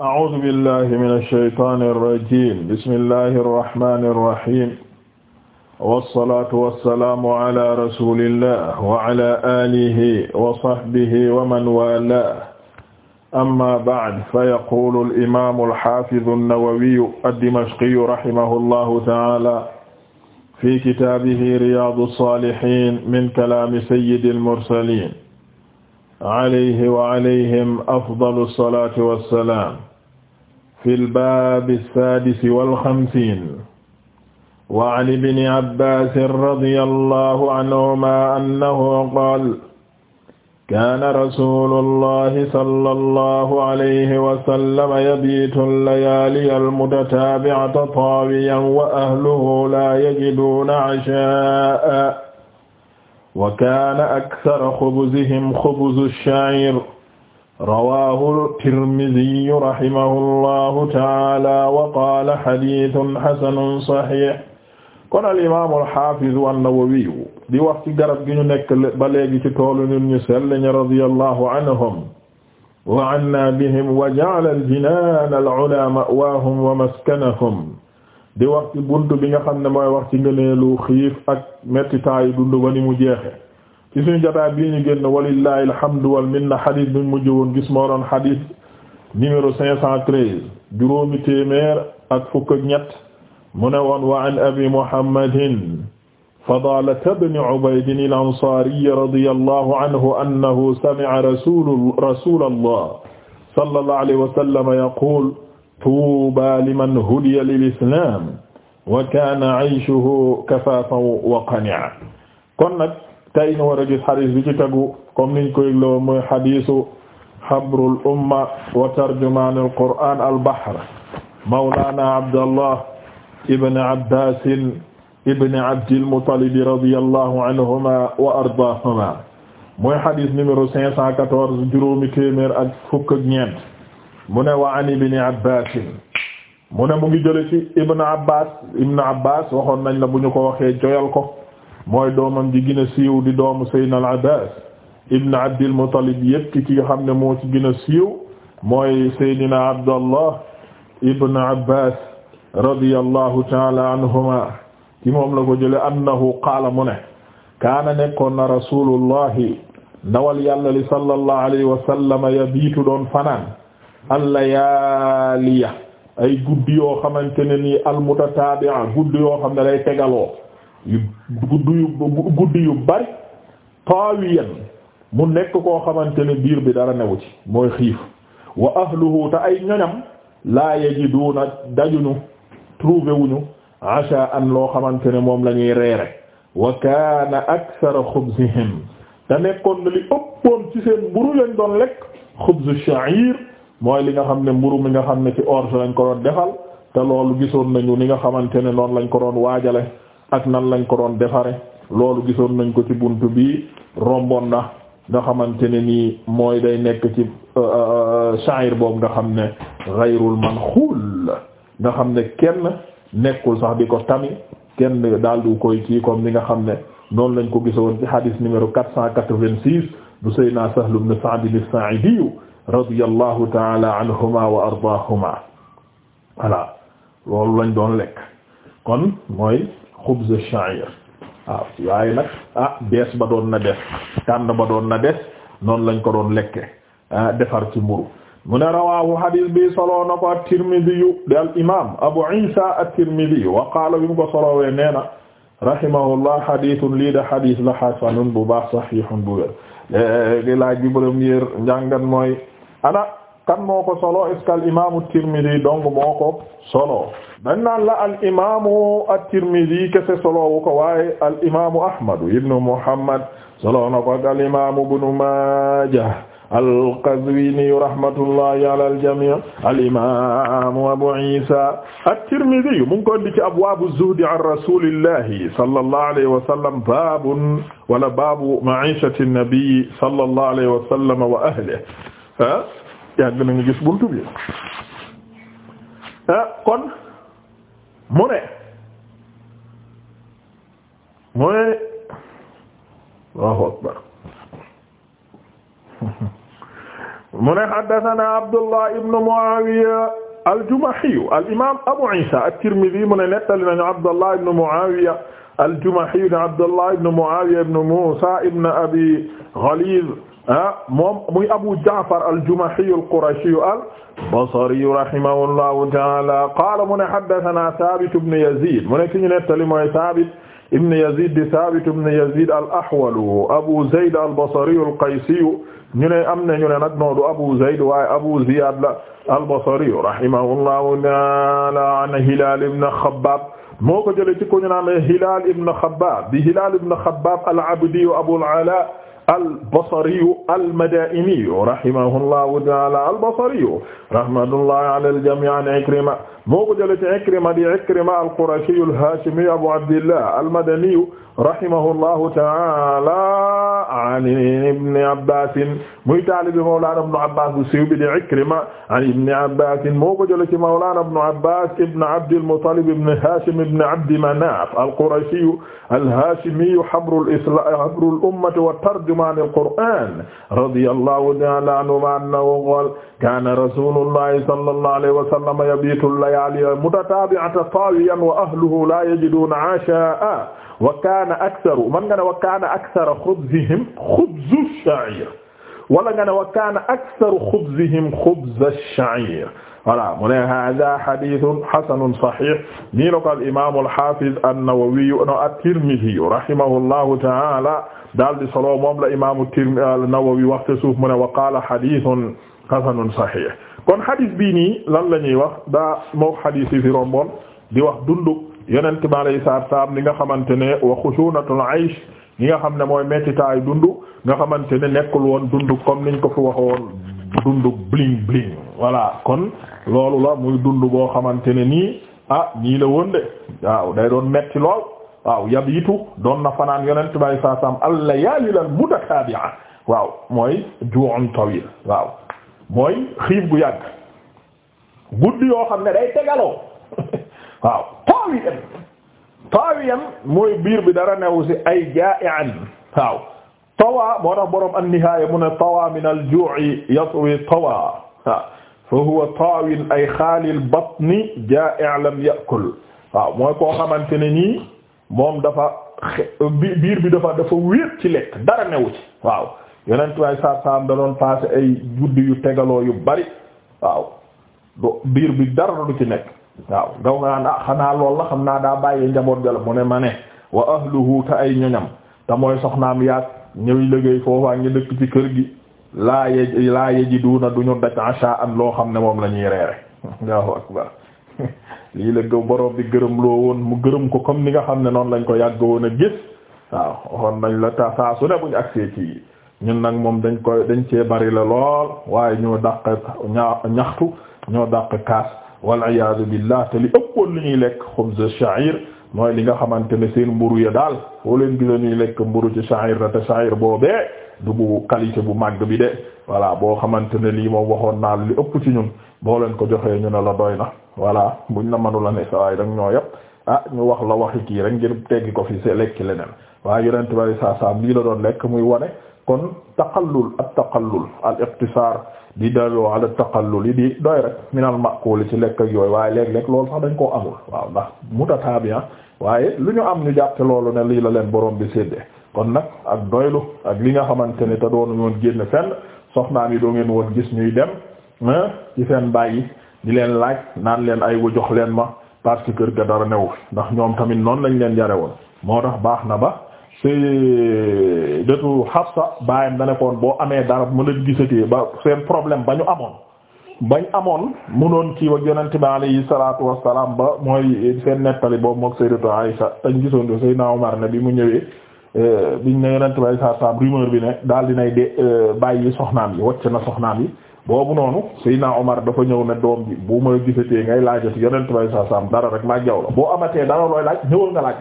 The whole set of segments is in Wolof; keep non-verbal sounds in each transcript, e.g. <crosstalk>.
أعوذ بالله من الشيطان الرجيم بسم الله الرحمن الرحيم والصلاة والسلام على رسول الله وعلى آله وصحبه ومن والاه أما بعد فيقول الإمام الحافظ النووي الدمشقي رحمه الله تعالى في كتابه رياض الصالحين من كلام سيد المرسلين عليه وعليهم أفضل الصلاة والسلام fi lbab alsadisi walxamsin wa an ibni abbasin radi allahu anhuma annahu qaal kaana rasulu allahi sala allahu alayhi wasallama yabiitu allayaaliya almutataabi'ata taawiyan wa ahluhu laa yajiduuna ashaa'a wa kaana aksara xubuzihim xubuzu shaa'ir rawaahu tirmiziyu rahimahullahu taala wa qaala xadiisun xasanun saxiix kon al imaamu alxaafizu annawawiyu di wax ci garab gi ñu nekk ba léegi ci toolu ñun ñu sell ñi radiyallahu anhum wa anna bihim wa ja'ala al-jinaan al-ulaa ma'waahum wa maskanahum di wax ci buntu bi nga xam ne mooy wax ci ngëneelu xiif ak mettitaayu dund ba ni mu jeexe ci suñu jotaay bii ñu génn walillahi alhamdu wal minna xadis bi mu mujj woon gis moo doon xadis numéro cinq cent treize juróomi téeméer ak fukk ak ñett mu ne woon wa an abi muhammadin fadalata bni ubaydin al ansaari radiyallahu anhu annahu sami'a rasul rasul allah sallallahu alayhi wa sallam yaqul tuuba liman hudiya lil islam wa kaana ayshuhu kafaafan wa qani'an kon nag tey ñu war a gis xadis bi ci tegu comme niñ ko yëgloo mooy xadisu habrul umma al bahr mawlaana abdallah ibn abbas ibn abdil muttalib radiyallahu anhuma wa ardaahuma mooy xadis numéro 514 juróomi téeméer fukk ak ñeent wa an ibn abbas mu mu ngi jële ibn abbas ibn abbas waxoon nañ la bu ñu joyal ko mooy doomam ji gën a siiw di doomu Seydina al-Abbaas ibn Abdil Muttalib yépp ki nga xam ne moo ci gën siiw mooy Seydina Abdallah ibn Abbaas radiyallahu ta'ala anhuma ci moom la ko jële annahu qaala mu ne kaana nekkoon na rasulullahi ndawal yàlla li sallallahu alayhi wa sallam yabiitu doon fanaan al ay guddi yoo xamante ne nii al guddi yoo xam ne lay tegaloo yu yu gudd yu bari taawiyan mu nekk koo xamante ne biir bi dara newu ci mooy xiif wa ahluhu te ay ñoñam laa yajiduuna dajuñu trouvé wuñu acha an loo xamante ne moom lañuy ñuy reere wa kaana akthara xubsihim te nekkoon na li ëppoon ci seen mburu lañ doon lekk xubsu sha'ir mooy li nga xam ne mburu mi nga xam ne ci orge lañ ko doon defal te loolu gisoon nañu li nga xamante ne noonu lañ ko doon waajale ak nan lañ ko doon defare loolu gisoon nañ ko ci bunt bi romboon na nga xamante ne nii mooy day nekk ci euh, euh, euh, sha'ir boobu nga xam ne ghayrul manxuul nga xam ne kenn nekkul sax di ko tami kenn daal du koy kii comme ni nga xam ne noonu lañ ko gisoon ci hadis numéro quatre cent quatre-vingt-six bu Seydina Sahl ibn Sa'd as-Sa'idi radiyallahu ta'ala anhuma wa ardaahuma voilà loolu lañ doon lekk kon mooy xubz sha'ir waaw ah, waaye nag ah bees ba doon na des tànn ba doon na des noonu lañ ko doon lekke ah, defar ci mburu mu ne rawahu hadis bi soloo na ko at-Tirmidhi de al imam Abu Isa at-Tirmidhi wa qaala bi mu ko solowee nee na rahimahullah hadithun lii de hadis la hasanun bu baax sahihun bu wér léegi laaj bi premier njàngat mooy ana kan moo ko solo est-ce que al imaamu Tirmidi dong moo ko solo dañ naan la al imaamu at-Tirmidi kese solo wu ko waaye al imaamu Ahmad ibnu Muhammad solo na ko ak al imaamu Ibnu Maajah al-Qazwini rahmatullahi ala al-jamii' al imaamu Abu Iisa at-Tirmidi mu ngi ko indi ci abwaabu zuhdi an rasuulillahi sallallahu alayhi wa sallam baabun wala baabu ma'iishati an-nabii sallallahu alayhi wa sallam wa ahlihi yàgg nañu gis buntu bi ah, kon mu ne mu ne Allahu akbar <laughs> mu ne haddathana Abdullah ibn Muawiya al-Jumahi al-imam Abu Isa at-Tirmidhi mu ne nettali nañu Abdullah ibn Muawiya al-Jumahi ibn Abdullah ibn Muawiya ibn Musa ibn Abi Ghaliz moom muy Abu Ja'far al-Jumahi al-Qurashi al-Basri rahimahullahu ta'ala qaala mu ne haddathana Thabit ibn Yazid mu ne ki ñu nettali mooy Thabit ibn Yazid di Thabit ibn Yazid al-Ahwal Abu Zayd al-Basri al-Qaysi ñu ne am na ñu ne nag noodu Abu Zayd waaye Abu Ziyad la al-Basri rahimahullahu ta'ala an Hilal ibn Khabbab moo ko jëlee ci ko ñu naan Hilal ibn Khabbab di Hilal ibn Khabbab al-Abdi Abu al-Ala al-Basriyu al-Madaa'iniyu rahimahullahu ta'aala al-Basriyu rahmatullahi ala al-jamii' an Ikrima moo ko jëlee ci Ikrima di Ikrima al-Qurashi al-Hashimi Abu Abdillah al-Madani rahimahullahu ta'ala an Ibn Abbas muy taalibi Mawlana Ibn Abbas bu siiw bi di Ikrima an Ibn Abbas moo ko jëlee ci Mawlana Ibn Abbas ibn Abd al-Muttalib ibn Hashim ibn Abd Manaf al-Qurashi al-Hashimi habrul islam habrul ummati wa tarjuman al-Qur'an radiyallahu ta'ala anhu annahu qala kana rasulullah sallallahu alayhi wa sallam yabitu layaali yooyu mutatabi'ata tawiyan wa ahluhu la yajiduna asha'a wa kana aktharu man nga ne wa kana akthara khubzihim khubz ash-sha'ir wala nga ne wa kana aktharu khubzihim khubz ash-sha'ir voilà mu ne hada hadithun hasanun sahih nii la ko al imam al-hafiz an-Nawawi no at-Tirmidhi rahimahullahu ta'ala daal di solo moom la imam an-Nawawi waxte suuf mu ne wa qala hadithun hasanun sahih kon xadis bii nii lan la ñuy wax daa moo xadis fi romboon di wax dundu yonent bi alayhi saam salaam li nga xamante ne wa xushunatul aysh li nga xam ne mooy mettitaayu dundu nga xamante ne nekkul woon dundu comme niñ ko fi waxoon dundu bling bling voilà kon loolu la muy dundu boo xamante ne nii ah nii la woon de waaw day doon metti lool waaw yabitu doon na fanaan yonent bi alayhi salaatu salaam al-layaali al-mutakaabi'a waaw mooy ju'un tawiil waaw. mooy xiif gu yàgg guddi yoo xam ne day tegaloo <laughs> waaw taawiyan taawiyan mooy biir bi dara newu ci ay jaa'ian waaw tawa moo tax boroom an-nihaaya mu ne tawa min al-juu'i yatwi tawa fa huwa taawin ay xaalil batni jaa'i' lam ya'kul waaw mooy koo xamante ne nii moom dafa biir bi dafa dafa wéet ci lekk dara newu ci waaw yonent waay saab saab da doon ay guddi yu tegaloo yu bari waaw biir bi dara du ci nekk waaw ngaw nga naan ah xanaa lool la xam naa daa bàyyi njaboot gala mu ne ma ne wa ahluhu te ay ñoñam te mooy soxnaam yaag ñëw liggéey foofaa ngi dëkk ci kër gi laa yej laa yejiduna du ñu daj asha an loo xam ne moom la ñuy reere <laughs> Allahu akbar <laughs> lii la gëw bi gërëm loo woon mu gërëm ko comme ni nga xam ne noonu lañ ko yàgg woon a gis waaw waxoon nañ la ta saa su ne ñun nag moom dañ koy dañ cee bari la lool waaye ñoo dàq ña ñaxtu ñoo dàq kaas wal iyaadu billah te li ëppoon li ñuy lekk xubz sha'ir mooy li nga xamante ne seen mburu ya daal foo leen gisa ñuy lekk mburu ci sha'ir la te sha'ir boobee du bu qualité bu màgg bi de voilà boo xamante ne lii moom waxoon naa li ëpp ci ñun boo leen ko joxee ñu ne la doy na voilà buñ la mënula ne sa waaye dang ñoo yëpp ah ñu wax la waxi kii rek ngir teggi ko fi see lekki leneen waaye yonent bari saa saam lii la doon lekk muy kon taqallul ak taqallul al iqtisar di delloo ala taqallul yi di doy rek minal maqul ci lekk ak yooyu waaye léeg-léeg loolu sax dañ koo amul waaw ndax mutatabi'a ah, waaye lu ñu am ñu jàppe loolu ne lii la leen boroom bi séddee kon nag ak doylu ak li nga xamante ne te doonu woon génn fenn soxnaam yi doo ngeen woon gis ñuy dem ci seen bàyyi di leen laaj naan leen ay wu jox leen ma parce que kër ga dara newu ndax ñoom tamit noonu lañ leen yare woon moo tax baax na ba sayyidatu Hafsa bàyyam da nekkoon boo amee dara bu ma la gisatee ba seen problème ba ñu amoon bañ amoon munoon kii ak yonent bi yi salaatu wassalaam ba mooy seen nettali boobu moo sayyidatu Aisha tañ gisoon do Seydina Omar ne bi mu ñëwee eh, biñ ne yonent bi alayhi salaatu wassalaam rumeur bi ne daal dinay de eh, bàyyi soxnaam yi wacc na soxnaam yi boobu noonu Seydina Omar dafa ñëw ne doom bi bu ma la gisatee ngay laajati yonent bi alayhi salaatu wassalaam dara rek maa jaw la boo amatee dara looy laaj ñëwal nga laaj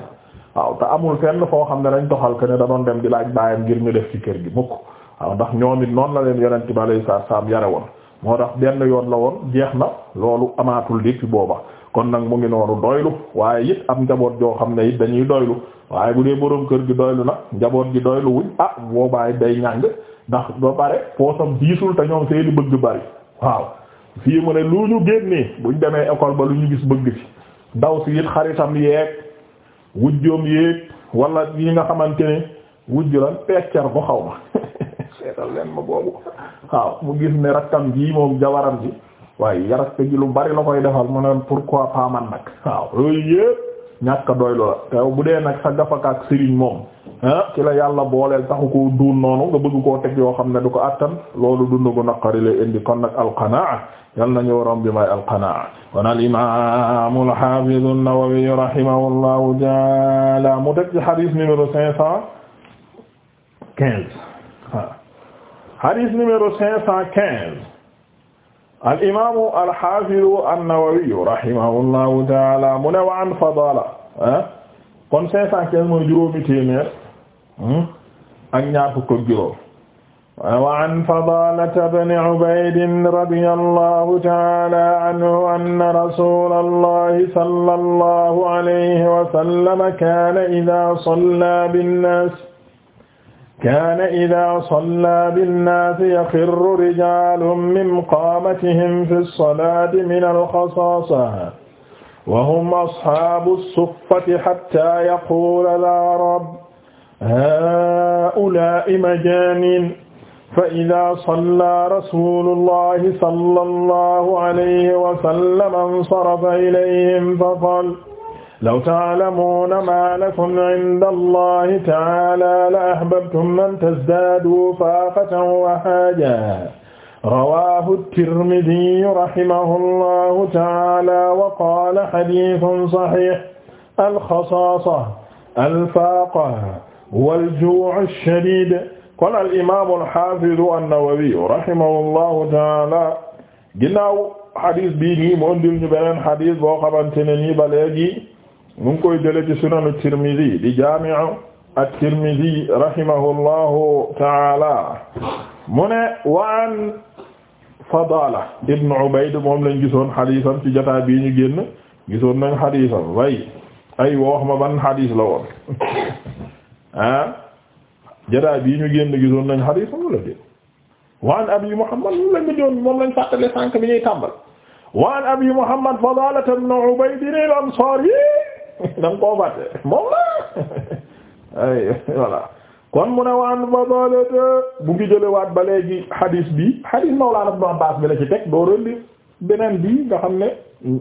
waaw te amul fenn foo xam ne dañ doxal que ne da dem di laaj baayam ngir ñu def ci kër gi mukk waaw ndax ñoom it noon la leen yonent bi alayhi salaam yare woon moo tax benn yoon la woon jeex na loolu amaatul di booba kon nag mu ngi noonu doylu waaye it am njaboot joo xam ne it dañuy doylu waaye bu dee boroom kër gi doylu nag njaboot gi doylu wuñ ah boobaay day ñàng ndax ba pare poosam diisul te ñoom seeni bëgg bari waaw fii mu ne lu ñu génnee buñ demee école ba lu ñu gis bëgg ci ndaw si xaritam yeeg wujjoom yéeg wala yi nga xamante ne wujju lan peccar bu xaw ma <laughs> seetal leen ma boobu waaw mu gis ne rakkam ji moom jawaram ji waaye yarak ji lu bari la koy defal mu ne pourquoi pas man nag waaw yooyu yépp ñàkk doylu la te bu dee nag sa gafakaak sëriñ moom Ah. ci la yàlla booleel taxu ko duun noonu nga bëgg koo teg yoo du ko attan loolu dund gu naqari lay indi kon alqanaa yal nañu bi may alqanaa kon al imam al hafiz an taala mu ne wa fadala kon cinq cent quinze mooy juróomi Hmm? ak ñaar fukk ak juróom wa an Fadaalata bni Ubaydin radiyallahu ta'ala anhu anna rasuulallahi sallallahu alayhi wa sallam kaana idhaa sallaa binnaas kaana idhaa sallaa binnaas yaxirru rijaalun min qaamatihim fi salaati minal xasaasa wa hum ashaabu suffati hattaa yaquula laa rabb haa'ulaa'i majaanin fa idaa sallaa rasuulullahi sallallahu alayhi wa sallam insarafa ilayhim fa qaala law ta'lamuuna maa lakum 'inda Allahi ta'aalaa la ahbabtum an tazdaaduu faaqatan wa haajatan rawaahu at-Tirmidhiyyu rahimahullahu ta'aalaa wa qaala hadiithun sahiih al-khasaasa al-faaqa waljuu alshadid kon alimamu alhafidu annawawiyu rahimahullahu taala ginnaaw hadis bii nii mu ëndil ñu beneen hadis boo xamante ne nii ba léegi mu ngi koy jële ci sunanu tirmidi di jaamiu at-tirmidi rahimahullahu taala mu ne waan fadala ibnu ubayd moom lañ gisoon hadisam ci jotaay bii gisoon nañ hadisam way ay wax ma ban hadis la <laughs> ah jotaay bii ñu génn gisoon nañ xadiis moom la dégg waan abi muhammad moom lañ mujjoon moom lañ fàttale sànq bi ñuy tàmbal waan abi muhammad fadaalata ibn ubayd al-ansari da nga koo fàtte moom la <laughs> ay voilà kon mu ne waan fadaalata bu ngi ba léegi xadiis bi xadiis mawlaana ibn abbaas bi la ci teg doo rëndi beneen bi nga xam ne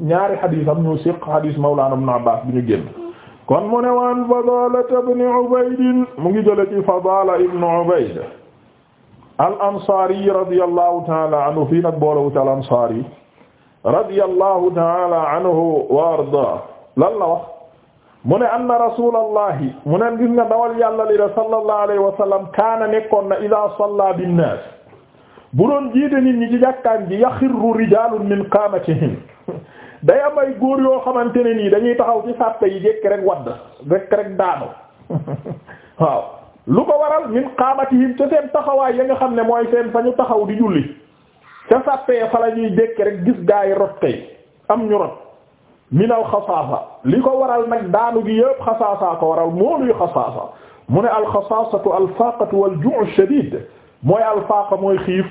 ñaari xadiisam ñu siq xadiis mawlaana ibn abbaas bi ñu génn kon mu ne waan Fadala ibn Ubayd mu ngi jële ci Fadala ibn Ubayd al ansaari radiyallahu taala anhu fii nag boole wu ci al ansaari radiyallahu taala anhu wa ardaa lan la wax mu ne anna rasulallahi mu ne gis nga dawal yàlla li la sallallahu alayhi wa sallam kaana nekkoon na idaa salla binnaas bu doon jiite nit ñi ci jàkkaan ji yaxirru rijaalun min qaamatihim day am ay góor yoo xamante ne nii dañuy taxaw ci sàppe yi jekk rek wadd rek rek daanu <laughs> waaw lu ko waral min qaamatihim ca seen taxawaay ya nga xam ne mooy seen fa ñu taxaw di julli ca sàppe ya fa la ñuy jekk rek gis gaa yi am ñu rot minal xasaasa li ko waral nag daanu gi yëpp xasaasa ko waral moo xasaasa mu ne alxasaasatu alfaaqatu wal ju' shadiid mooy alfaaqa mooy xiif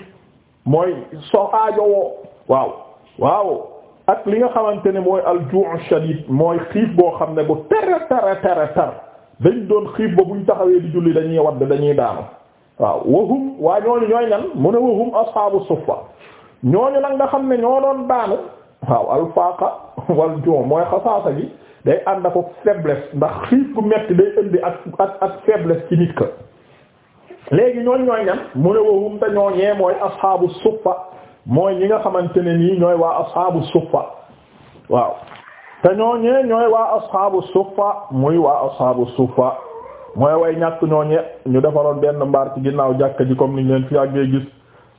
mooy so aajowoo waaw waaw ak li nga xamante ne mooy al-ju' shadid mooy xiif boo xam ne bu tara tara tara tar dañ doon xiif ba buñ taxawee di julli dañuy wadd dañuy daanu waaw wahum waa ñooñu ñooy ñan mu ne wahum ashaabu suffa ñooñu nag nga xam ne ñoo doon daanu waaw alfaaqa wal ju' mooy xasaasa gi day ànd ak faiblesse ndax xiif bu metti day indi ak ak ak faiblesse ci nit ka léegi ñooñ ñooy ñan mu ne wahum te ñooñee mooy ashaabu suffa mooy ñi nga xamante ne nii ñooy waa ashaabu suffa waaw te ñooñee ñooy waa ashaabu suffa muy waa ashaabu suffa mooy way ñàkk ñooñe ñu defaroon benn mbaar ci ginnaaw jàkka ji comme niñ leen fi yàggee gis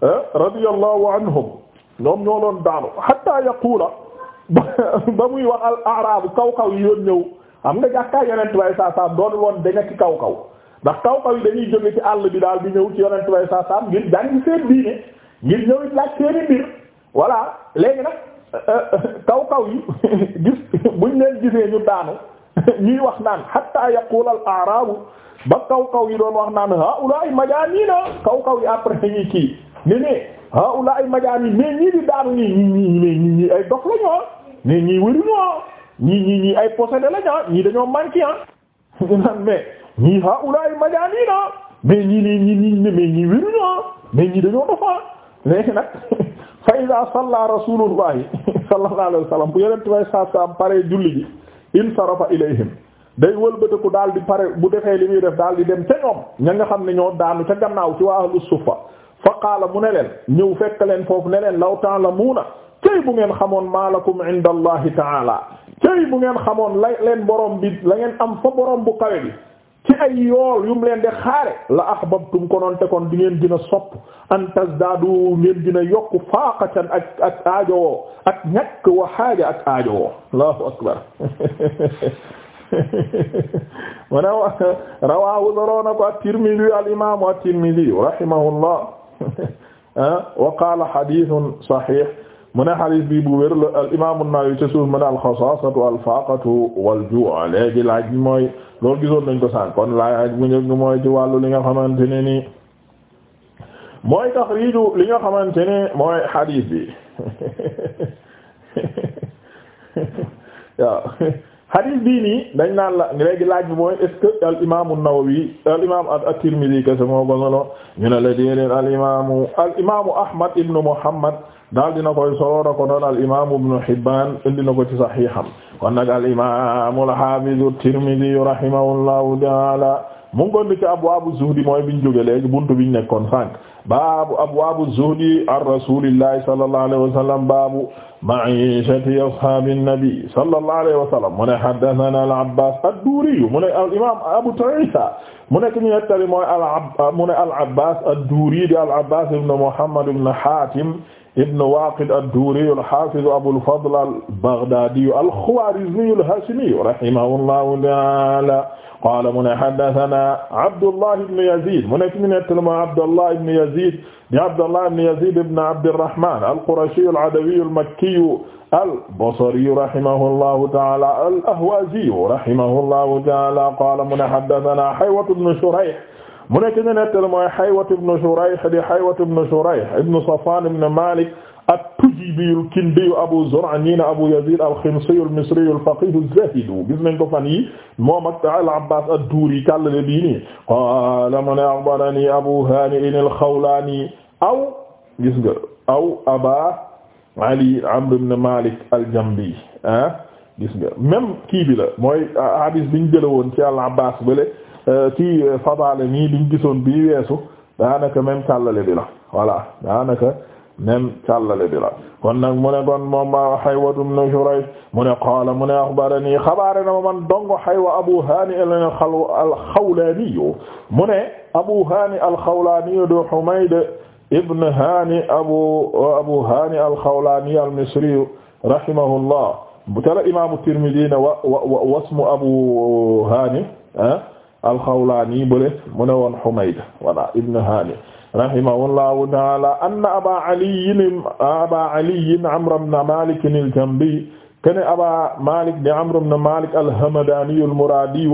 eh, radiyallahu anhum ñoom ñoo loon daanu hatta yaqula <laughs> ba muy wax al arabu kaw kaw yi yoon ñëw am nga jàkkaa yonent bay saa saam doon woon daña ci kaw kaw ndax kaw kaw yi dañuy jóge ci àll bi daal di ñëw ci yonent bay saa saam ngir jàng diine ngir ñëwit laaj seeni mbir voilà léegi nag kaw kaw yi <laughs> gis buñ gisee ñu daanu <laughs> ñuy wax naan hatta yaqul al a'rabu ba kaw kaw yi doon wax naan haula'i majanina kaw kaw yi après ñi kii ne ne haula'i majanin mais ñii di daanu ñi ñi ay dox la ñoo ne ñii wëruñoo ñii ñii ñii ay possédé la ñoo ñii dañoo manqué ah <laughs> ñu naan mais ñii haula'i majanina mais ñii ne ñii ñii mais ñii wëruñoo ah. mais ñii dañoo dofa ah. léegi nag fa iza salla rasulullahi sallallahu alayhi wa sallam bu yeneen way sa sa pare julli ji insarafa ilayhim day wëlbatiku daal di pare bu defee li muy def daal di dem ca ñoom ña nga xam ne ñoo daanu ca gannaaw ci waa ahlu suffa fa qaala mu ne leen ñëw fekk leen foofu ne leen law ta'lamuuna cëy bu ngeen xamoon maalakum inda allahi taala cëy bu ngeen xamoon la leen borom bi la ngeen am fa borom bu kawe bi ci ay yool yum leen di la ahbabtum konoon te kon di ngeen gën a sopp an tazdaadu ngeen gën a yokk faaqatan ak ak aajowoo ak ñàkk wa xaaja ak aajowoo allahu akbar <laughs> mu ne rawahu soroona ko at-Tirmidhi al-imaamu at <laughs> ah, wa qaala hadithun sahih mu ne xadis bi bu wér la al imaamu Nawawi ca suuf mu ne alxasaasatu alfaaqatu wal juu' léegi laaj mooy loolu gisoon nañ ko sànq kon laaj bu njëkk mooy ci wàllu li nga xamante ne nii mooy taxriiju li nga xamante ne mooy xadis bi waaw xadis bii nii dañ naan la léegi laaj bi mooy est ce que al imaamu al imaam at-Tirmidhi moo ko ñu ne la déedéet al imaamu al imaamu Ahmad ibn Muhammad daal dina koy solo na ko noon al imam ibn Hibban indi na ko ci sahiham kon nag al imam al hafiz at-Tirmidhi rahimahullahu ta'ala mu ngi kondi ci abwaabu zuhdi mooy biñ jóge léegi buntu biñ nekkoon sànq baabu abwaabu zuhdi ar rasulillahi sallallahu alayhi wa sallam baabu ma'ishati ashaabin nabi sallallahu alayhi wa sallam mu ne haddathana al abbas ad-duri mu ne al imam abu isa mu nekk ñu nettali mooy al mu ne al abbas ad-duri di al abbas ibn muhammad ibn hatim ibn Waaqid ad-Duuri al-Haafiz Abul Fadl al-Baghdaadi al-Khawaarizmi al-Haashimi rahimahullahu ta'aala qaala mu ne haddathanaa Abdullah ibn Yaziid mu nekk ñu nettali ma Abdullah ibn Yaziid di Abdullah ibn Yaziid ibn Abdirrahmaan al-Qurashi al-Adawi al-Makki al-Basri rahimahullahu ta'aala al-Ahwaazi rahimahullahu ta'aala qaala mu ne haddathanaa Haywatu ibn Shurayh mu nekk ñu nettali mooy Haywat ibn Shurayh di Haywat ibn Shurayh ibn Safwan ibn Malik at-Tujibi al-Kindi Abu Zur'a ñii na Abu Yazid al-Himsi al-Misri al-faqih az-zahid gis nañ ko fan yi moom ak al-Abbas ad-Duri kàllale bii nii qala mu ne akhbarani Abu Hani al-Khawlani aw gis nga aw Aba Ali Amr ibn Malik al-Jambi ah gis nga même kii bi la mooy hadith biñ jëlawoon ci al-Abbas bële Euh, kii euh, fadala nii liñ gisoon bii weesu daanaka même càllale bi la voilà daanaka même càllale bi la kon nag mu ne kon moom ma Haywa ibn Shurayh mu ne qaala mu ne axbarani xabaare na ma man dongo Haywa Abu Hani al-Xawlaani mu ne Abu Hani al-Xawlaani du Humayd ibn Hani Abu Abu Hani al-Xawlaani al-Misri rahimahullah bu tala imaamu Tirmidhi wa wa wasmu Abu Hani ah, alxawlaani bële mu ne woon Humayd wala ibn Hani rahimahullahu taala anna aba aliyin aba aliyin Amr ibn Malik al-Jambi kene aba Malik di Amr ibn Malik al-Hamadani al-Muradi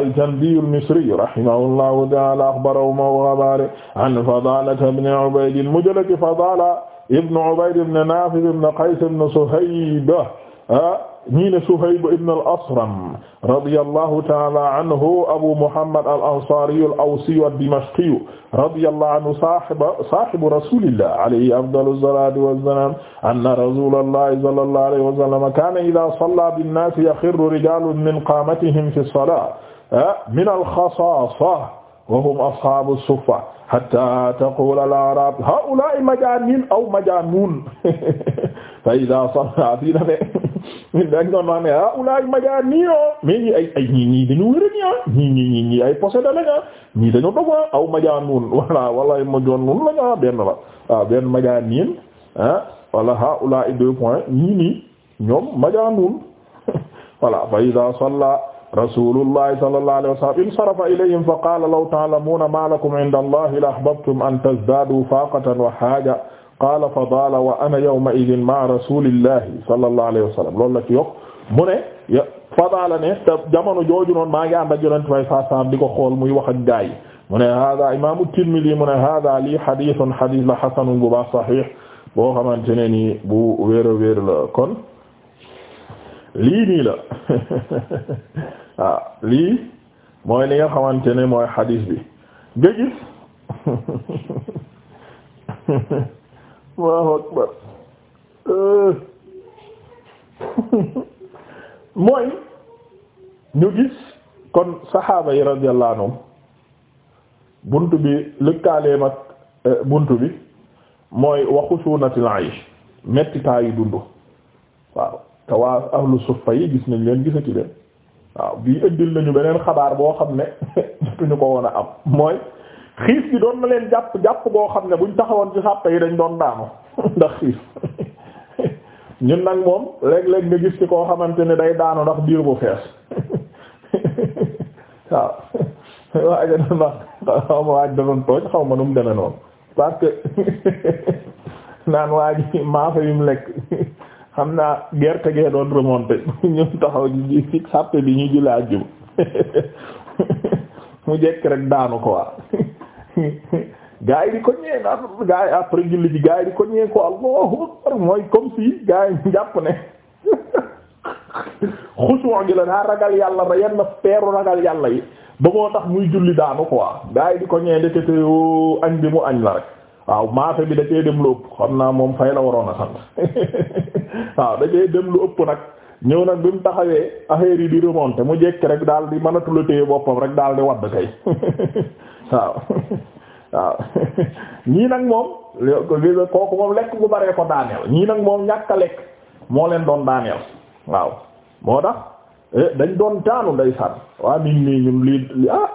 al-Jambi al-Misri rahimahullahu taala axbarahuma wa xabaare an Fadala ibn Ubayd mujallad Fadala ibn Ubayd ibn Nafi' ibn Qays ibn Suhayb ah, ñii ne Suhayb ibn al-Asram radiyallahu ta'ala anhu Abu Muhammad al-Ansari al-Awsi ad-Dimashqi radiyallahu anhu sahiba sahibu rasulillah alayhi afdalu salati wassalam anna rasulallahi sallallahu alayhi wa sallam kana idha salla bin-nas yakhirru rijalun min qamatihim fi as-salah ah, min al-khasasa wa hum ashabu as-suffa hatta taqula al-a'rab ha'ula'i majanun aw majanun <laughs> fa ida salla <laughs> fii na ne dag noon naa ne ah ulaay majaa nii oh. ay ay ñii ñii dañu wérani ah ñii ah. dog ah aw majaa <laughs> wala majoon nuun ah. ah, wala ah ulaay deux points ñii nii ñoom majaa nuun <laughs> voilà fa ida salla rasulullahi sallallahu law ta'lamuna ma lakum inda allahi la ahbabtum an tazdadu faqatan wa haja qaala fa daala wa ana yawma idin ma rasulillahi sallallahu alayhi wa sallam loolu la ci yokk mu ne fa daala ne te jamono jooju noonu maa ngi ànd ak yonent may saasaam di ko xool muy wax ak gaa yi mu ne hada imaamu Tirmidi mu ne hada lii xadiisun xadiis la xasanun bu baax saxiix boo xamante ne nii bu wéer a wéer la kon lii nii la waaw <laughs> ah, lii mooy li nga xamante ne mooy xadiis bi nga gis <laughs> Allahu akbar eh. <laughs> mooy ñu gis kon saxaaba yi radiyallahu anhum bunt bi lëkkaaleem eh, bunt bi mooy waxu suunatil aish mettitaa yi dund waaw te waa ahlu suffa yi gis nañ leen gisati leen waaw bii ëndil nañu beneen xabaar boo xam ne <laughs> jotuñu ko woon a am mooy xiif bi doon na leen jàpp jàpp boo xam ne buñ taxawoon ci sàpp yi dañ doon daanu <laughs> ndax xiif <laughs> ñun nag moom léeg-léeg nga gis ci koo xamante ne day daanu ndax biir bu fees <laughs> waaw waaj a doon wax xaw ma waaj doon tooj xaw ma nu mu demee noonu parce que naan waaj maafe yu mu lekk xam naa gerte gee doon remonté ñun taxaw ji ci sàppe bi ñu julli àjjuma mu jekk rek daanu ko waa <laughs> gaa yi di ko ñëwee naan gaa après julli ji gaa di ko ñëwee ko Allahu mooy comme si gaa yi jàpp ne <laughs> xusuwa gi la daa ragal yàlla ba yenn peeru ragal yàlla yi ba moo tax muy julli daanu quoi gaa yi di ko ñëwee ndekete yoo añ bi mu añ la rek waaw maafe bi da dem lu ëpp xam naa moom fay la waroon a sant <laughs> waaw da dem lu ëpp nag ñëw nag bi mu taxawee affaire yi di remonter mu jekk rek daal di mënatula téye boppam rek daal di wadd kay waaw <laughs> waaw <laughs> ñii nag moom kooku moom lekk bu baree ko daaneel ñii nag moom ñàkk a lekk moo leen doon daaneel waaw moo tax eh, dañ doon taanu ndeysaan waa nit ñi ñun lii ah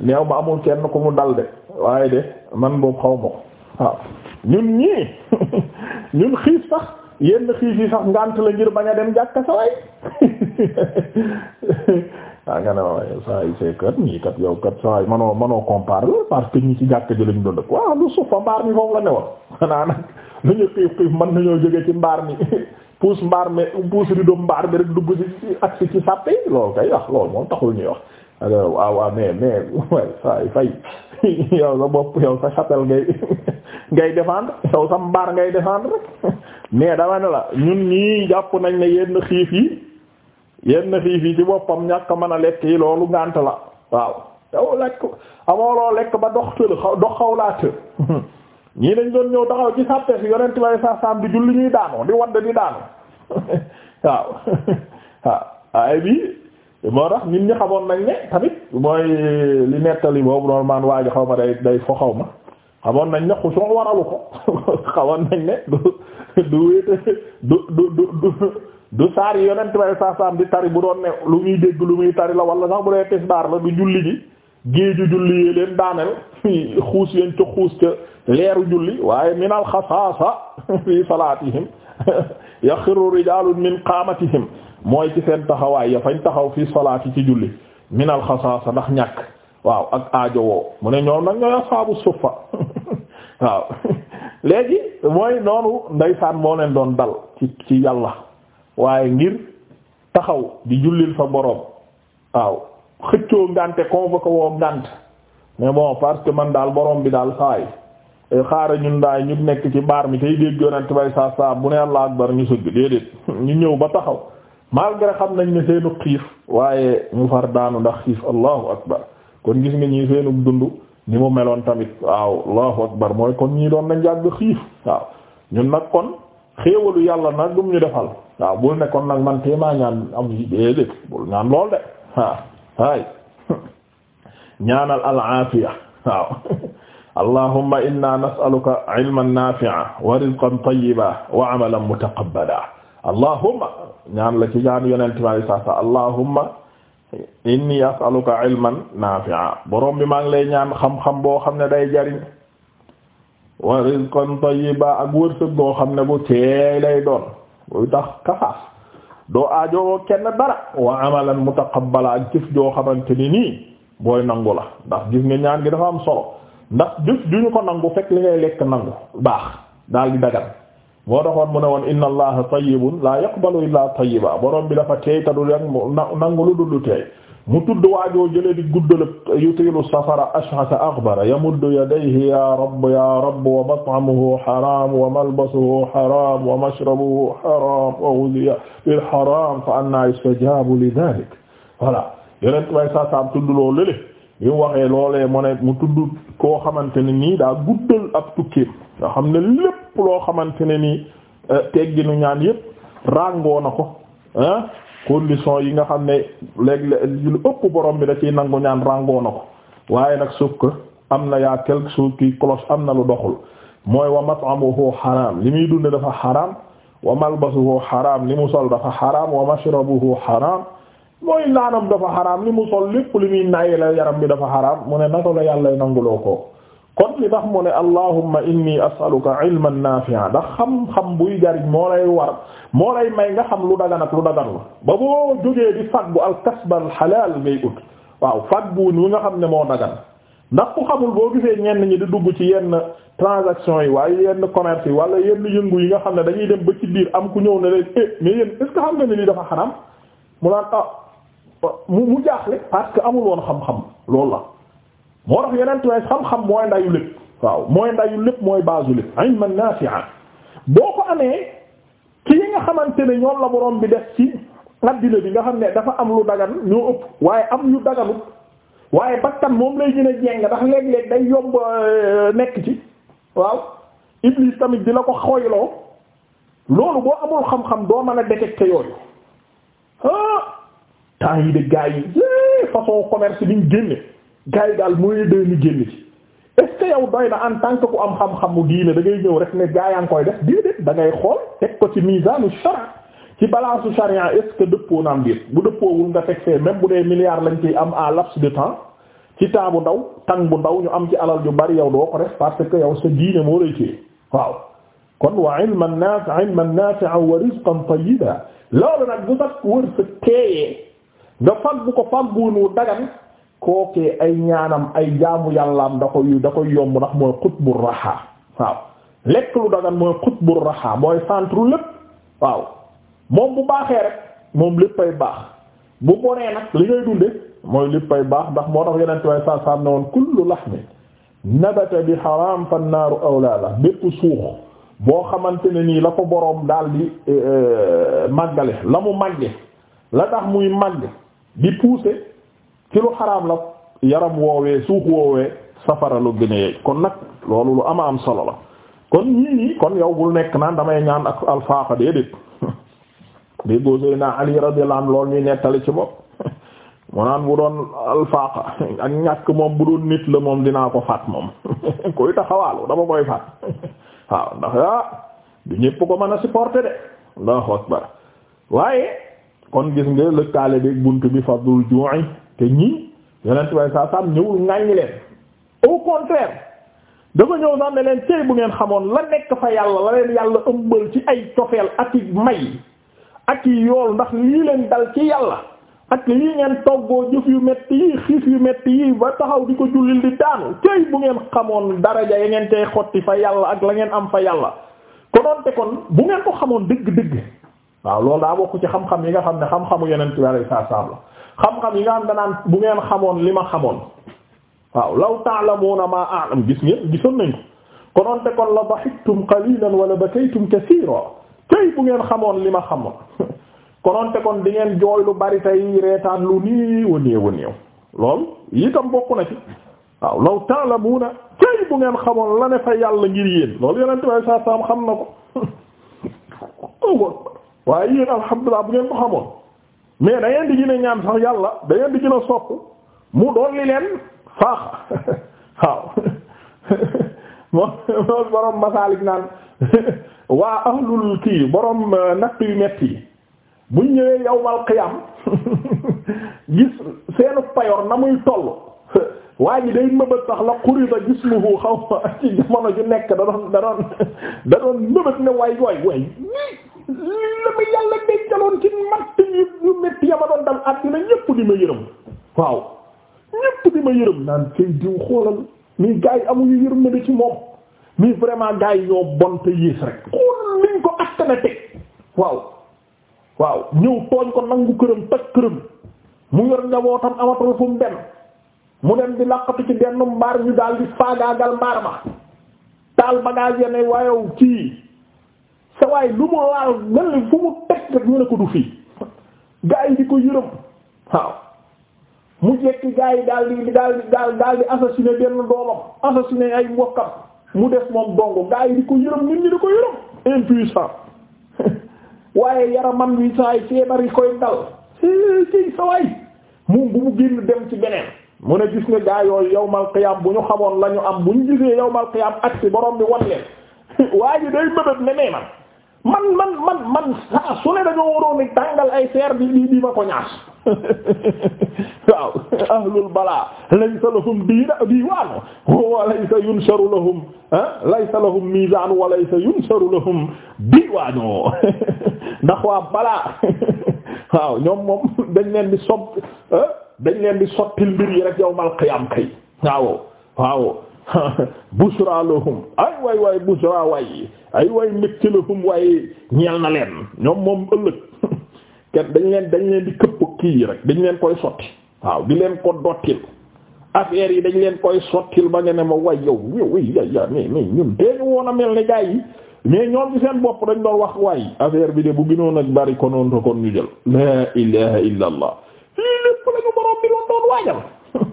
neew ma amul kenn ko mu dal de waaye de man boobu xaw ma ko waaw ñun ñii <laughs> ñun xiif sax yenn xiif yi sax ngànt la ngir bañ a dem jàkka sa ah nga ne waaye saa yi see kat kat yow kat saa yi manoo manoo comparer parce que ñi ci jàkk ji lañ doon dëkk waaw lu suuf fa mbaar mi foofu la ne woon <laughs> xanaa nag lu ñu xiif xiif mën nañoo jóge ci mbaar mi <laughs> puus mbaar mi puus rido mbaar mi rek dugg ci ak si ci sàppe yi loolu kay wax ah, loolu moom taxul ñuy wax alors ah, waaw mais mais <laughs> saa yi fay yow sa bopp yow sa chapelle ngay ngay défendre yow sa mbaar ngay défendre mais dama ne la ñun ñii jàpp nañ ne yenn xiif yi. yenn fii fii ci boppam ñàkk mën a lekk yi loolu ngànt la waaw yow lekk amoo loo lekk ba dox tël dox xaw laa tël <laughs> ñii dañ doon ñëw taxaw ci sàppe di ñuy daanoo di wadd di daanoo <laughs> waaw <laughs> waaw waaye bi moo tax ñun ñu xamoon nañ ne tamit mooy li nettali boobu noonu maan waaji xaw ma day day fo xaw ma xamoon nañ ne xuson waralu ko xamoon nañ ne du du du du du saar yi yonent bay saasaam di tari bu doon ne lu muy dégg lu muy tari la wala sax bu dee tisbaar la du julli ji géeju julli yee leen daaneel xuus leen ca xuus ca leeru julli waaye min al xasaasa fi salaatihim yaxiru rijaalun min qaamatihim mooy ci seen taxawaay ya fañ taxaw fi salaati ci julli min al xasaasa ndax ñàkk waaw ak aajowoo mu ne ñoom nag ñooy asaabu suffa waaw <laughs> léegi mooy noonu ndeysaan moo leen doon dal ci ci yàlla waaye ngir taxaw di jullil fa boroom waaw xëccoo ngante convoqué woo ngant mais bon parce que man daal boroom bi daal saay eh, xaara ñun daay ñu nekk ci baar mi tey dégg yonent bay saa saa bu ne Allah akbar ñu sëgg déedéet <laughs> ñu ñëw ba taxaw malgré xam nañ ne seenu xiif waaye ñu far daanu ndax xiif allahu akbar kon gis nga ñi seenu dund ni mu meloon tamit waaw allahu akbar mooy kon ñii doon nañ yàgg xiif waaw ñun nag kon xéewalu yàlla nag dum ñu defal waaw bul ne kon nag man téemaa ñaan am déedéet bul ñaan lool de waaw hay <laughs> ñaanal al aafiya waaw <laughs> allahumma inna nas'aluka ilman nafi'a wa rizqan tayyiba wa amalan mutaqabbala allahumma ñaan la ci ñaan yonent bi alayhi salaatu allahumma inni as'aluka ilman nafi'a borom bi maa ngi lay ñaan xam-xam boo xam ne day jariñ wa rizqan tayyiba ak wërsëg boo xam ne bu teey buy tax kafaaf doo aajowoo kenn dara wa amalan mutaqabbala ak jëf joo xamante ni nii booy nangu la ndax gis nga ñaan gi dafa am solo ndax jëf juñu ko nangu fekk li ngay lekk nangu baax daal di dagan moo taxoon mu ne woon inna allaha tayyibun la yaqbalu illa tayyiba borom bi dafa teey ta du nangu lu dul lu teey mu tudd waajoo jële di guddalab yutiilu safara ash'asa aghbara yamuddu yadayhi ya rabb ya rabb wa mat'amuhu haram wa malbasuhu haram wa mashrabuhu haram wa ghudhiya bil haram fa anna li dhalik voilà yeneen way sa sam tudd loolu lëlé bi mu waxee loolee mu ne mu tudd koo xamante ne nii daa guddal ab loo xamante ne nii eh, tegginu ñaan na ko ah condition yi nga xam ne léegi lu ëpp borom bi da ciy nangu ñaan ràngoo na ko waaye nag suuf am na yaa quelque chose qui cloche am na lu doxul mooy wa mat'amuhu xaraam li muy dunde dafa xaraam wa malbasuhu xaraam li mu sol dafa xaraam wa mashrabuhu xaraam mooy naanam dafa xaraam li mu sol lépp li muy nayi la yaram bi dafa xaraam mu ne naka la yàlla nanguloo ko kon li tax mu ne allahumma inni as'aluka ilman nafi'a ndax xam-xam buy jariñ moo lay war moo lay may nga xam lu dagan ak lu daganul ba boo jógee di faggu al kasb al halal ngay ut waaw faggu ñu nga xam ne moo dagan ndax ku xamul boo gisee ñenn ñi di dugg ci yenn transaction yi waaye yenn commerce yi wala yenn yëngu yi nga xam ne dañuy dem ba ci biir am ku ñëw ne leen eh mais yéen xam nga ne lii dafa xaram mu naan ah mu mu jaaxle parce que amul woon xam loolu la. moo tax yeneen tuwaay xam-xam mooy ndayu lépp waaw mooy ndayu lépp mooy baasu lépp ilman nafi'a boo ko amee ki yi nga xamante ne ñoom la borom bi def ci addina bi nga xam ne dafa am lu dagan ñoo ëpp waaye am lu daganut waaye bakkan moom lay gën a jeng ndax léeg-léeg day yomb euh, nekk ci waaw iblis tamit di la ko xoyloo loolu boo amul xam-xam doo mën a détecter yooyu ah temps de gars yi façon commerce bi ñu gars yi daal mooy day ñu génn ci est doy na en tant que ku am xam-xamu diine da ngay ñëw rek ne gaa yaa ngi koy def déedéet da ngay xool teg ko ci misaanu sharia ci balaasu sharia est ce dëppoo na am biir bu dëppoowul nga teg fee même bu dee milliards lañu ciy am à laps de temps ci ndaw tàng bu ndaw ñu am ci alal ju bari yow doo ko def parce que yow sa diine moo lay téye waaw kon wa ilman nafi'an ilman nafi'an wa rizqan tayyiba loolu nag bu sax wër sa teeyee nga fag bu ko fag bu nu dagan kookee ay ñaanam ay jaamu yàllaam da koy da koy yomb ndax mooy xutbu raxaa waaw lekk lu dagan mooy xutbu raxaa mooy centre lépp waaw moom bu baaxee rek moom léppay baax bu bonee nag li ngay dunde mooy léppay baax ndax moo tax yeneen way saa saam ne woon kullu laxmin nabata bi xaram fan naaru awla la bépp suux boo xamante ne nii la ko boroom daal di eh, eh, màggale la mu màgge la tax muy màgg di pousser ci xaraam la yaram woowee suuf woowee safara lu gën a yeey kon nag loolu lu ama am solo la kon nii kon yow bul nekk naan damay ñaan ak alfaaxa déedéet <laughs> déggoo sëy naa Ali radiyallahu anhu loolu ñuy nettali ci bopp <laughs> mu naan bu doon alfaaxa ak ñàkk moom bu doon nit la moom dinaa ko faat moom <laughs> koy taxawaalu dama koy faat waaw ndax yaa ah, du ñépp ko mën a supporter de Allahu akbar waaye kon gis nga lëkkaale bi buntu bi fadlul ju'i te ñii yeneen tubaab saa saam ñëwul ŋàññi leen au contraire dafa ñëw sax ne leen tey bu ngeen xamoon la nekk fa yàlla la leen yàlla ëmbal ci ay cofeel ak i may ak i yool ndax lii leen dal ci yàlla ak lii ngeen toggoo jëf yu metti yi xiif yu metti yii ba taxaw di ko jullil di daanu tey bu ngeen xamoon daraja ya ngeen tey xotti fa yàlla ak la ngeen am fa yàlla konoon te kon bu ngeen ko xamoon dëgg-dëgg waaw loolu daa bokk ci xam-xam yi nga xam ne xam-xamu yeneen tubaab yi saa xam-xam yi nga xam danaan bu ngeen xamoon li ma xamoon waaw law ta'lamuna ma a'lam gis ngeen gisoon nañ ko konoon te kon la dahiktum qalilan wala bakaytum kaseera tey bu ngeen xamoon li ma xamoon <laughs> konoon te kon di ngeen jooy lu bari tey reetaan lu néew a néew a néew loolu itam bokk na ci waaw law ta'lamuna tey bu ngeen xamoon la ne fa yàlla ngir yéen lool yeneen tubaab saa saam xam na ko <laughs> waaye yéen alhamdulilah bu ngeen ko xamoon. mais da ngeen di gën a ñaan sax yàlla da ngeen di gën a sopp mu dolli leen faax <laughs> waaw <laughs> moom masaalik naan <laughs> waa ahlul kii borom euh, natt yu metti yi buñ ñëwee yawmal qiyam gis seenu payoor na muy toll waa ji day mëbët sax la qurida jismuhu xaw ma ci jamono ju nekk da doon da doon da ne way way way lii la ma yàlla dencaloon ci matt yu metti ya dal àddina ñépp di ma yërëm waaw ñépp di ma yërëm naan kay diw xoolal nii gaa yi amuñu yërmande ci moom nii vraiment gaa yi ñoo bon te yées rek xoolal liñ ko na teg waaw waaw ñëw tooñ ko nangu këram toj këram mu yor njabootam amatul fu mu benn mu dem di laqatu ci benn mbaar ñu daal di faagaagal mbaar ma taal bagage ya ne waayow kii sa waay lu mu laal mel ni fu mu teg rek ne ko du fii gaa yi di ko yërëm waaw mu jekki gaa yi daal di daal di daal daal di assassiné benn doomam assassiné ay mbokkam mu def moom dong gaa yi di ko yërëm nit ñi di ko yërëm impuissant <laughs> waaye yaramam wi saa yi feebar yi koy dal ci sa waay mu bu mu génn dem ci beneen mu ne gis nga gaa yooyu yawmal qiyam bu ñu xamoon lañu am bu ñu gisee yow qiyam ak ci borom bi wan leen <laughs> waa ji day mëbët ne nee man man man man saa su ne dañoo waroon ni tàngal ay seer bi di di ma ko ñaas <laughs> waaw ahlul balaa laysa lahum diina diwaanu wa laysa yunsharu lahum laysa lahum miizaanu wa laysa yunsharu <laughs> ndax waa balaa <laughs> waaw ñoom moom dañ leen di sob dañ leen di sottil mbir yi rek yawmal qiyaam kay waaw waaw bushra lahum ay way way bushra way ay way mbégte la hum waaye ñeel na leen ñoom moom ëllëg <laughs> kenn dañ leen dañ leen di këpp kii yi rek dañ leen koy sotti waaw di leen ko dottil affaire yi dañ leen koy sottil ba nga ne ma way yow mais mais ñun teeñu woon a mel ne gaa yi mais ñoom ci seen bopp dañ doon wax waay affaire bi de bu ginoon ak bari konoon to kon ñu jël la ilaha illa lii lépp la ñu bi doon doon waajal <laughs>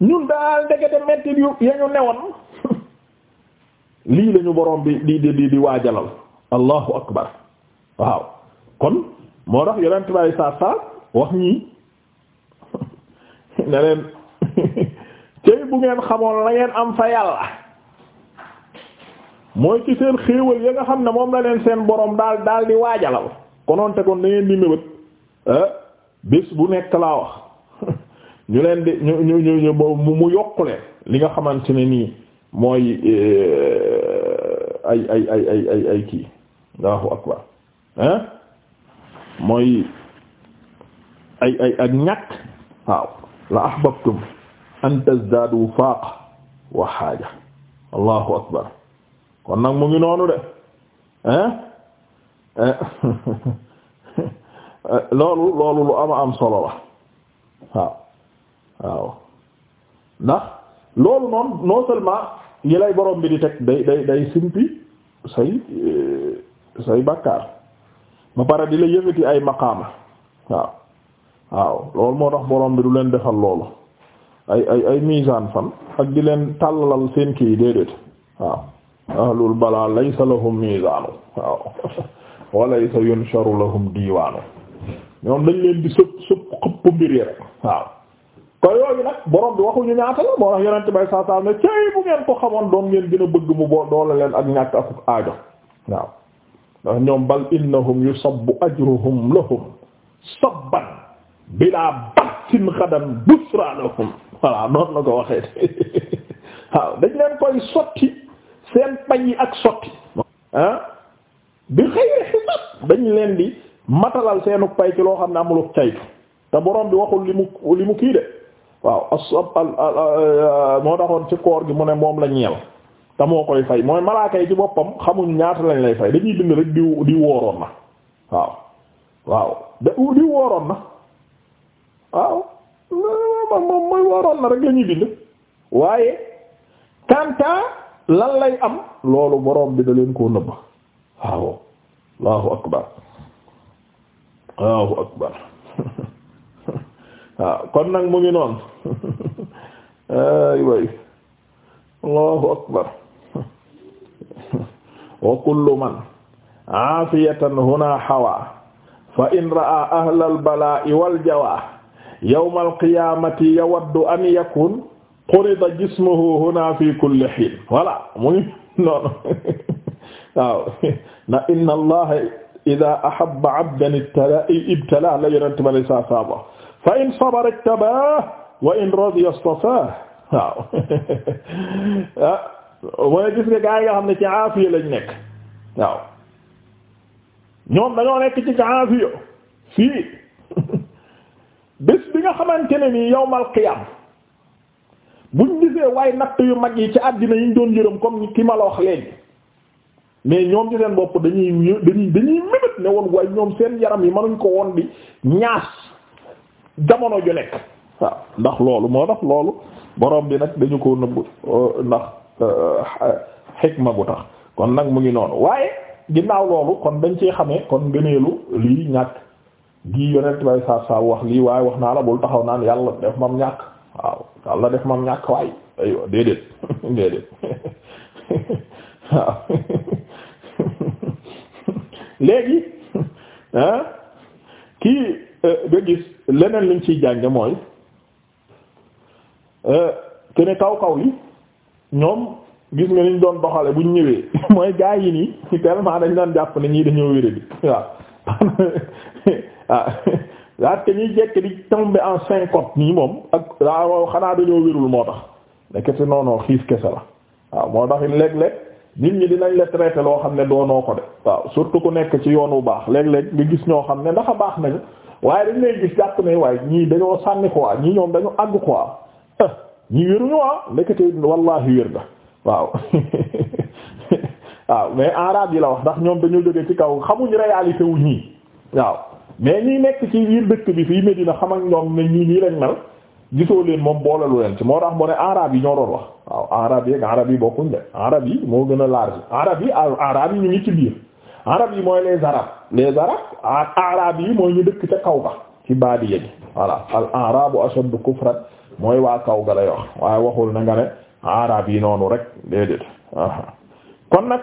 ñun daal dëgg de metti yu ya ñu newoon lii lañu borom bi di di di waajalal allahu akbar waaw kon moo tax yonent baay saar saar wax ñii <laughs> ne leen cëy <laughs> bu ngeen xamoon la ngeen am fa yàlla mooy ci seen xéewal ya nga xam ne moom la leen seen borom daal daal di waajalal konoon te kon da di mébét eh, bés bu nekk laa wax <laughs> ñu leen di ñu ñu ñu mu yokku leen li nga xamante ne nii mooy ay eh, ay ay ay ay ay kii Allahu akbar hein mooy ay ay ak ñàkk waaw la ahbabtum an tazdadu faaq wa xaaja Allahu akbar kon nag mu ngi noonu de hein eh, <laughs> loolu loolu lu ama am solo la waaw waaw ndax loolu noonu non seulement yi lay borom bi di teg day day day simpi say eh, say bàkkaar ba pare di la yëkkati ay maqaama waaw waaw loolu moo tax boroom bi du leen defal loolu ay ay ay misaan fan ak di leen tàllalal seen kii déedéet waaw ahlul balaa laysa lahum misaanu waaw <laughs> walaysa yunsharu lahum diiwaanu ñoom dañ leen di sëpp sëpp xëpp mbir yi waaw te yooyu nag borom bi waxuñu ñaata la moo tax yonent bay saa saa ne cey bu ngeen ko xamoon doon ngeen gën a bëgg mu boo doole leen ak ñàkk ak aajo waaw ndax ñoom bal innahum yusabbu ajruhum la ko waxee <laughs> waaw dañ leen koy sotti seen pañ yi ak sotti ah bi xëyri xisaab dañ leen di matalal seenu pay ci loo xam ne amuluk caytu te borom bi waxul li mu li mu kii de waaw as euh, moo taxoon ci koor gi mu ne moom la ñeel te koy fay mooy malaaka yi ci boppam xamuñ ñaata lañ lay fay dañuy bind rek di di wooroon na waaw waaw da di wooroon na waaw moom mooy wooroon na rek la bind waaye kanta lan lay am loolu boroom bi da leen koo nëbb waaw allahu akbar allahu akbar waaw ah, kon nag mu ngi noonu <laughs> ay way allahu akbar <laughs> wa kullu man aafiyatan huna hawa fa in raa ahla albalaa'i waljawaa yawma alqiyaamati yawaddu an yakun qurida jismuhu huna fi kulli hiin voilà mu ngi noonu <laughs> waaw na inna allaha idaa ahabba abdan ibtalaa ibtalaa la yonent ba la saa saaba fa in sabara ijtabaahu wa in radiya istafaahu waaw <laughs> ah, mooy gis nga gaa yi nga xam ne ci aafiya lañu nekk waaw ñoom dañoo nekk ci aafiya fii <laughs> bés bi nga xamante keneen yi yawmal qiyaam buñ gisee waaye natt yu mag yi ci àddina yi ñu doon yërëm comme ki ma la wax léegi mais ñoom ci seen bopp dañuy dañuy dañuy mébét ne woon waaye ñoom seen yaram yi mënuñ ko won di ñaas. jamono ju nekk waaw ndax loolu moo tax loolu borom bi nag dañu ko nëbb euh, ndax euh, xikma bu tax kon nag mu ngi noonu waaye ginnaaw loolu kon dañ ci xamee kon gëneelu lii ñàkk gii yonent bay saab saab wax lii waaye wax naa la bul taxaw naan yàlla def mam ñàkk waaw yàlla def mam ñàkk waay aywa <laughs> <laughs> waaw <laughs> léegi kii nga gis leneen liñ ciy jànge mooy te euh, kaw kaw yi ñoom gis nga niñ doon doxale buñ ñëwee <laughs> mooy gaa yi nii <laughs> tellement dañ daan jàpp ne ñii dañoo wéradi <laughs> waaw ah ñuy jekk di tomber en cinquante nii moom ak ah, waaw xanaa dañoo wérul moo tax ne kese noonoo xiif kese la waaw ah, moo tax léeg-léeg nit ñi dinañ la traiter loo xam ne doonoo ko de waaw surtout ku nekk ci yoon wu baax léeg-léeg nga gis ñoo xam ne ndax a baax nañu waaye dañ lay gis jàpp ne waaye ñii dañoo sànni quoi ñii ñoom dañu àgg quoi ah ñii wéruñu ah ndekete wallaahi wér na waaw <laughs> waaw mais arabe yi la wax ndax ñoom dañoo jógee ci kaw xamuñ réalité wu ñii waaw mais ñii nekk ci biir dëkk bi fii Medina xam ak ñoom ne ñii nii lañ mel gisoo leen moom boolelu leen ci moo tax mu ne arabe yi ñoo doon wax waaw arabe yi ak arabe yi bokkuñ de arabe yi moo gën a large arabe yi arabe yi ñu ngi ci biir. arab yi mooy les arabes les arabes arab yi mooy ñu dëkk ca kaw ga ci baadiya bi voilà al arabu ashaddu kufran mooy waa kaw ga lay wax waaye waxul na nga ne arab yi noonu rek déedéet kon nag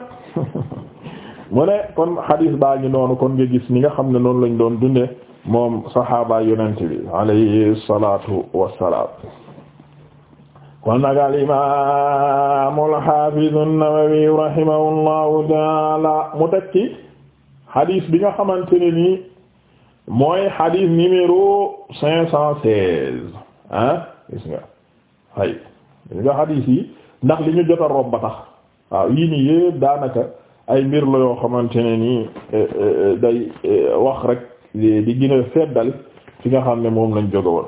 <laughs> mu ne kon xadiis baa ngi noonu kon nga gis ni nga xam ne noonu lañ doon dunde moom saxaaba yonent bi alayhi salaatu wassalaam kon nag al imaam al haafiz an-Nawawi rahimahullahu taala mu teg ci hadith bi nga xamante ne nii mooy hadith numéro cinq cent seize nga ay nga hadith yi ndax li ñu jot a waaw yii nii yëpp daanaka ay mbir la yoo xamante ne nii eh, eh, eh, day wax rek di gën a feddal ci nga xam ne moom lañ jóge